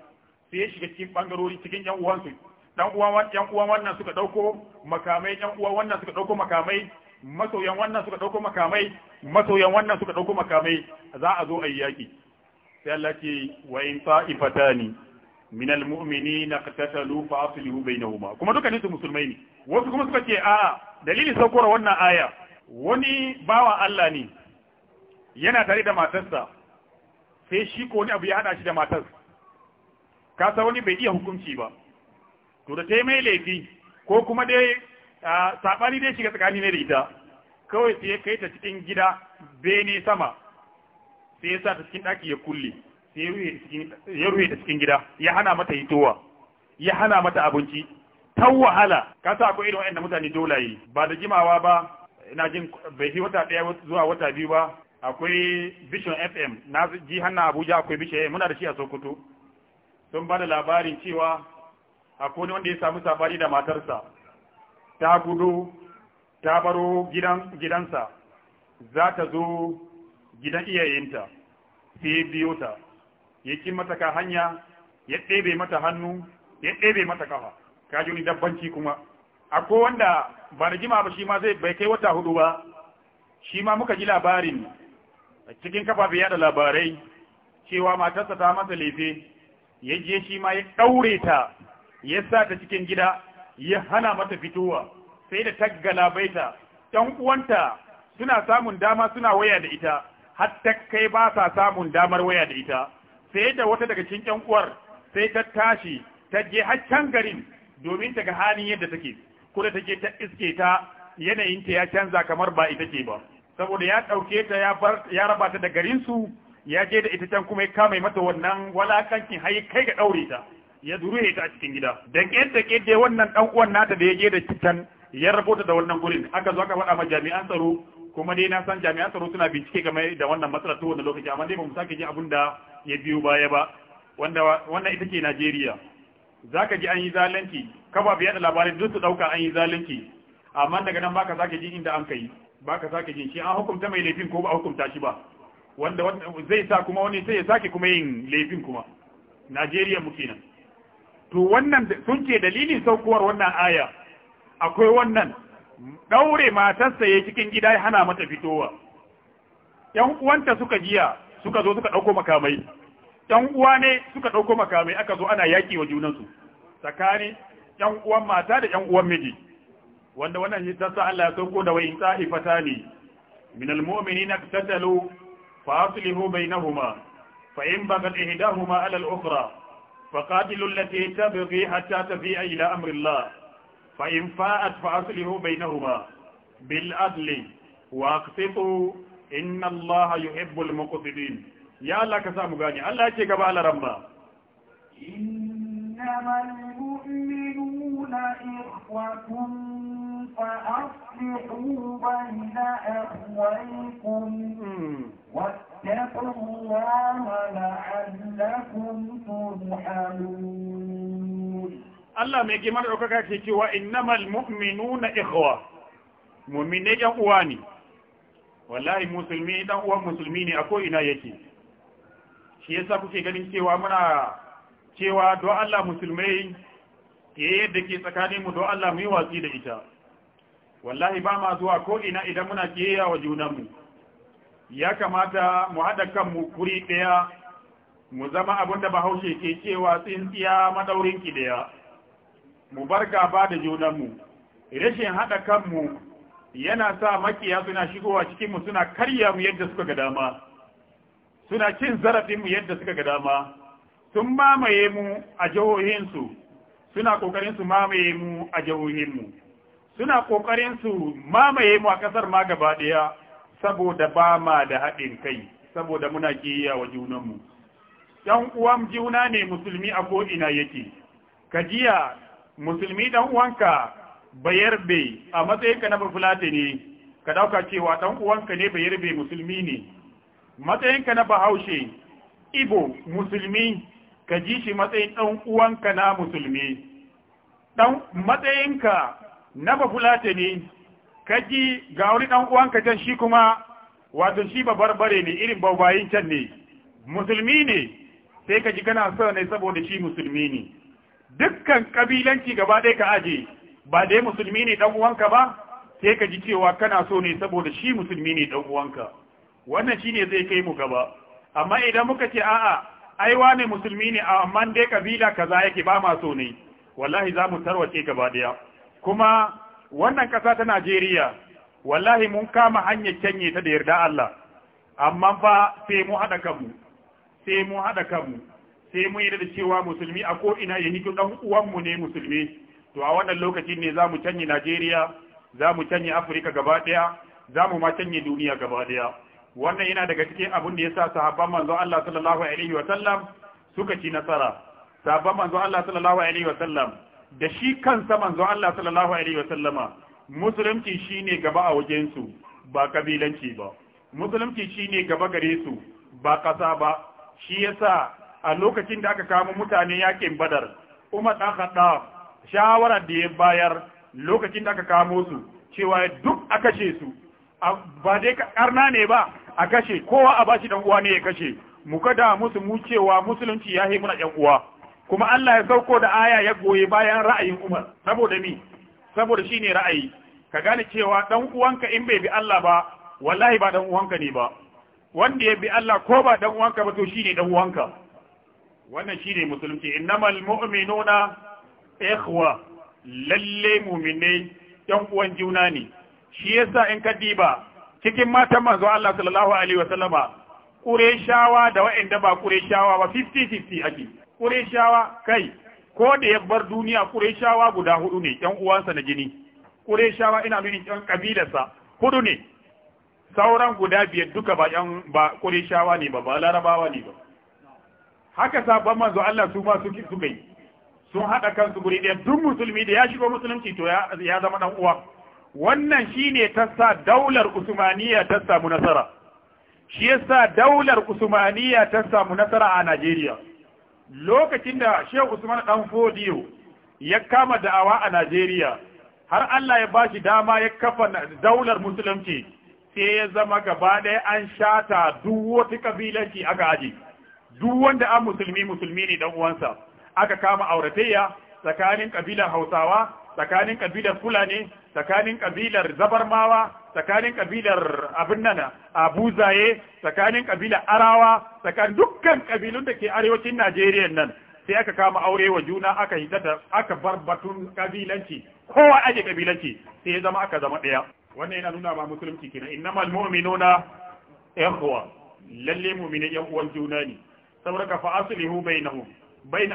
sai ya shiga cikin bangarori cikin yan uwansu dan uwan yan uwan wannan suka dauko makamai yan uwan wannan suka dauko makamai masoyan wannan suka dauko makamai masoyan wannan suka dauko makamai za a zo ayi yaki sai Allah ce wa in ta'ifatani min almu'minina qatatalu fa aslihu bainahuma kuma dukkan su musulmai ne wasu kuma suka ce a'a dalilin saukar wannan aya wani bawa Allah ne yana tare da matarsa sai shi ko wani abu ya hada shi da matar ka sa wani bai iya hukunci ba to da ta mai laifi ko kuma dai Ah, sabani dai shiga tsakani ne da ita kawai sai ya kai ta cikin gida bene sama sai ya sa ta cikin daki ya kulle sai ya rufe ta cikin gida ya hana mata hitowa ya hana mata abinci ta wahala ka sa akwai irin waɗanda mutane dolaye ba da jimawa ba ina jin bai fi wata daya zuwa wata biyu ba akwai vision fm na ji hannun abuja akwai vision muna da shi a sokoto sun ba da labarin cewa akwai wanda ya samu safari da matarsa ta gudu ta baro gidansa za ta zo gidan iyayenta sai biyo ta ya ci mata ka hanya ya ɗebe mata hannu ya ɗebe mata kafa ka ji ni dabbanci kuma akwai wanda ba da jima ba shi ma zai bai kai wata hudu ba shi ma muka ji labarin cikin kafafen yada labarai cewa matarsa ta masa lefe ya je shi ma ya ɗaure ta ya sa ta cikin gida ya hana mata fitowa sai da taggala baita ɗan uwanta suna samun dama suna waya da ita har ta kai ba sa samun damar waya da ita sai da wata daga cikin ɗan uwar sai ta tashi ta je har can garin domin ta ga halin yadda take kuma ta je ta iske ta yanayinta ya canza kamar ba ita ce ba saboda ya ɗauke ta ya raba ta da garinsu ya je da ita can kuma ya kame mata wannan walakancin har kai ga ɗaure ta ya zurure ta a cikin gida dan yadda ke da wannan dan uwan nata da ya je da cikin ya rabota da wannan gurin aka zo aka faɗa ma jami'an tsaro kuma dai na san jami'an tsaro suna bincike game da wannan matsalar ta wannan lokaci amma dai ba mu sake ji abin da ya biyu baya ba wanda wannan ita ce Najeriya zaka ji an yi zalunci kafa biya da labarin duk su dauka an yi zalunci amma daga nan baka sake ji inda an kai baka sake jin shi an hukunta mai laifin ko ba a hukunta shi ba wanda zai sa kuma wani sai ya sake kuma yin laifin kuma Najeriya mu kenan to wannan sun ce dalilin saukowar wannan aya akwai wannan daure matarsa ya cikin gida ya hana mata fitowa yan uwanta suka jiya suka zo suka dauko makamai yan uwa ne suka dauko makamai aka zo ana yaki wa junansu tsakanin yan uwan mata da yan uwan miji wanda wannan shi tasa Allah ya sauko da wayin Minal min almu'minina qatalu fa aslihu bainahuma fa in bagat ihdahuma ala al-ukhra فقاتلوا التي تبغي حتى تفيء إلى أمر الله فإن فاءت فأصله بينهما بالأدل وأقسطوا إن الله يحب المقصدين يا الله كسام غاني الله يجيك على رمى إنما المؤمنون إخوة فأصلحوا بين أخويكم allah mai girma da ɗaukaka ke cewa innamal mu'minuna ikhwa mu'mine yan uwa ne wallahi musulmi dan uwa musulmi ne a ina yake shi yasa kuke ganin cewa muna cewa don Allah musulmai ke yadda ke tsakanin mu Allah mu yi watsi da ita wallahi ba ma zuwa ko ina idan muna kiyaye wa junanmu ya kamata mu haɗa kanmu kuri ɗaya mu zama abin da bahaushe ke cewa tsintsiya ki ɗaya mu barka ba da junanmu rashin haɗa kanmu yana sa makiya suna shigowa cikinmu suna karya mu yadda suka ga dama suna cin zarafinmu yadda suka ga dama sun mamaye mu a jihohinsu suna ƙoƙarin su mamaye mu a jihohinmu suna ƙoƙarin su mamaye mu a ƙasar ma gaba ɗaya saboda ba ma da haɗin kai saboda muna kiyaye wa junanmu ɗan uwan juna ne musulmi a ko'ina yake jiya musulmi ɗan uwanka be a matsayinka na bafulate ne ka ɗauka cewa ɗan uwanka ne bayarbe musulmi ne matsayinka na bahaushe ibo musulmi ka ji shi matsayin ɗan uwanka na musulmi ɗan matsayinka na bafulate ne kaji ga wani dan uwanka can shi kuma wato shi ba barbare ne irin baubayin can ne musulmi ne sai ka ji kana so ne saboda shi musulmi ne dukkan kabilanci gaba ɗaya ka aje ba dai musulmi ne dan uwanka ba sai ka ji cewa kana so ne saboda shi musulmi ne dan uwanka wannan shine zai kai mu gaba amma idan muka ce a'a ai wane musulmi ne amma dai kabila kaza yake ba ma so ne wallahi za mu tarwace gaba ɗaya kuma wannan ƙasa ta Najeriya wallahi mun kama hanyar canye ta da yarda Allah amma fa sai mu haɗa kanmu sai mu haɗa kanmu sai mu yarda cewa musulmi a ko ina yayi hito dan uwanmu ne musulmi to a wannan lokacin ne zamu mu canye Najeriya za mu canye Afirka gaba daya za ma canye duniya gaba daya wannan yana daga cikin abin da yasa sahabban manzo Allah sallallahu alaihi wa sallam suka ci nasara sahabban manzo Allah sallallahu alaihi wa sallam da shi kansa zuwa Allah sallallahu alaihi wa sallama musulunci shine gaba a wajen su ba kabilanci ba musulunci shine gaba gare su ba kasa ba shi yasa a lokacin da aka kama mutane yakin badar Umar dan Khattab shawarar da ya bayar lokacin da aka kamo su cewa duk a kashe su ba dai karna ne ba a kashe kowa a bashi dan uwa ne ya kashe mu kada musu mu cewa musulunci ya haimuna yan uwa kuma Allah ya sauko da aya ya goye bayan ra'ayin Umar saboda mi saboda shine ra'ayi ka gane cewa dan uwanka in bai bi Allah ba wallahi ba dan uwanka ne ba wanda ya bi Allah ko ba dan uwanka ba to shine dan uwanka wannan shine musulunci innamal mu'minuna ikhwa lalle mu'minai yan uwan juna ne shi yasa in ka diba cikin matan manzo Allah sallallahu alaihi wasallama Qurayshawa da waɗanda ba kureshawa ba 50-50 ake. ƙureshawa kai ko da ya bar duniya ƙureshawa guda hudu ne yan uwansa na jini ƙureshawa ina nuni ƴan kabilarsa hudu ne sauran guda biyar duka ba ƴan ba ƙureshawa ne ba ba larabawa ne ba haka sabon manzo Allah su ma suke suka yi sun haɗa kansu guri ɗaya duk musulmi da ya shigo musulunci to ya zama ɗan uwa wannan shine ta sa daular usmaniya ta samu nasara shi yasa daular usmaniya ta samu nasara a Najeriya lokacin da Shehu Usman dan Fodiyo ya kama da'awa a Najeriya har Allah ya bashi dama ya kafa daular musulunci sai ya zama gaba ɗaya an shata duk wata kabilanci aka aji duk wanda an musulmi musulmi ne dan uwansa aka kama auratayya tsakanin kabilar Hausawa tsakanin kabilar Fulani tsakanin kabilar zabarmawa tsakanin kabilar abin abuzaye tsakanin kabilar arawa tsakanin dukkan kabilun da ke arewacin najeriya nan sai aka kama aure wa juna aka yi da aka bar batun kabilanci kowa aje kabilanci sai ya zama aka zama daya wannan yana nuna ba musulunci kina innamal mu'minuna ikhwa lalle mu'mini yan uwan juna ne saboda fa aslihu bainahum bain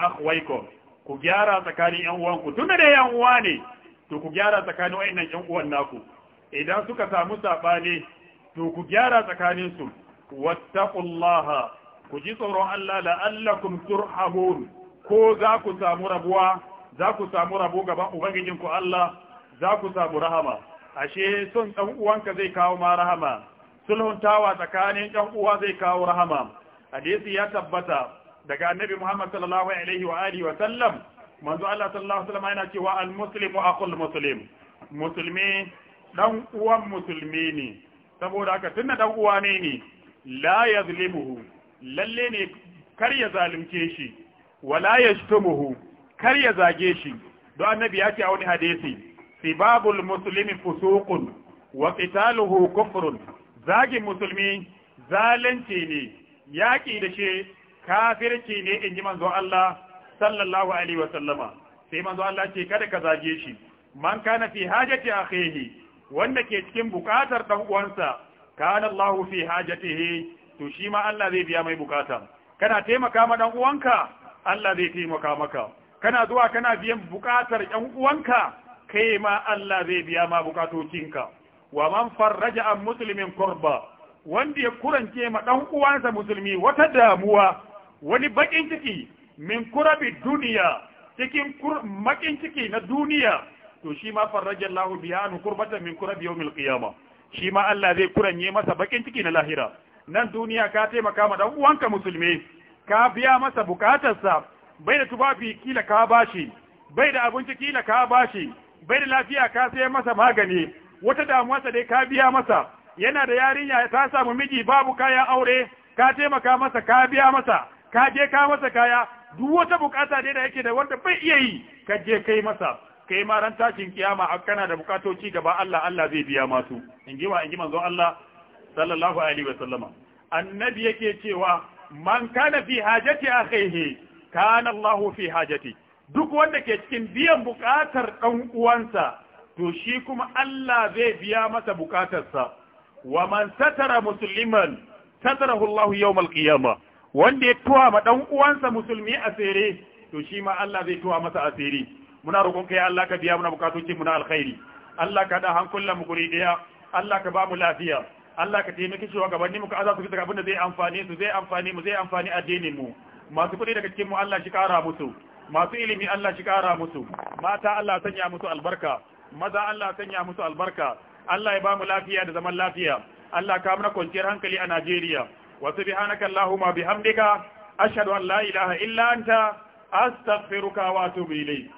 ku gyara tsakanin yan uwanku tunda da yan uwa ne to ku gyara tsakanin wayannan ƴan uwan naku idan suka samu sabani to ku gyara tsakanin su wattaqullaha ku ji tsoron Allah la'allakum turhamun ko za ku samu rabuwa za ku samu rabo gaban ubangijin ku Allah za ku samu rahama ashe son dan uwanka zai kawo ma rahama sulhuntawa tsakanin ƴan uwa zai kawo rahama hadisi ya tabbata daga annabi Muhammad sallallahu alaihi wa alihi wa sallam manzo Allah sallallahu alaihi wasallam yana cewa al muslimu aqul muslim musulmi dan uwan musulmi ne saboda haka tunda dan uwa ne ne la yazlimuhu lalle ne kar ya zalunce shi wala yashtumuhu kar ya zage shi don annabi ya ce a wani hadisi sibabul muslimi fusuqun wa qitaluhu kufrun zagin musulmi zalunci ne yaƙi da shi kafirci ne in ji manzo Allah sallallahu alaihi wa sallama sai manzo Allah ce kada ka zage shi man kana fi hajati akhihi wanda ke cikin bukatar dan uwansa kana Allahu fi hajatihi to shi ma Allah zai biya mai bukata kana taimaka ma dan uwanka Allah zai taimaka maka kana zuwa kana biyan bukatar yan uwanka kai ma Allah zai biya ma bukatocinka wa man farraja an muslimin kurba wanda ya kurance ma dan uwansa musulmi wata damuwa wani bakin ciki min kurabi duniya cikin makin ciki na duniya to shi ma farraja Allah biya an kurbatan min kurabi yawmil qiyama shi ma Allah zai kuranye masa bakin ciki na lahira nan duniya ka taimaka ma dan uwanka musulmi ka biya masa bukatarsa bai da tubafi kila ka bashi bai da abinci kila ka bashi bai da lafiya ka sai masa magani wata damuwarsa dai ka biya masa yana da yarinya ta samu miji babu kayan aure ka taimaka masa ka biya masa ka je ka masa kaya duk wata bukata dai da yake da wanda bai iya yi ka je kai masa kai ma ran tashin kiyama a kana da bukatoci gaba Allah Allah zai biya masu in ji in ji manzon Allah sallallahu alaihi wa sallama annabi yake cewa man kana fi hajati akhihi kana Allah fi hajati duk wanda ke cikin biyan bukatar dan uwansa to shi kuma Allah zai biya masa bukatarsa wa man satara musliman satarahu Allah yawm al-qiyamah wanda ya tuwa ma dan uwansa musulmi asiri to shi ma Allah zai tuwa masa asiri muna roƙon kai Allah ka biya muna bukatoci muna alkhairi Allah ka da hankulan mu guri daya Allah ka ba mu lafiya Allah ka taimaki shi gabanin mu ka azabu daga abin da zai amfane su zai amfane mu zai amfane addinin mu masu kuɗi daga cikin mu Allah shi kara musu masu ilimi Allah shi kara musu mata Allah sanya musu albarka maza Allah sanya musu albarka Allah ya ba mu lafiya da zaman lafiya Allah ka muna kwanciyar hankali a Najeriya wa subhanaka allahumma bihamdika ashhadu an lailaha ilaha illa anta astaghfiruka wa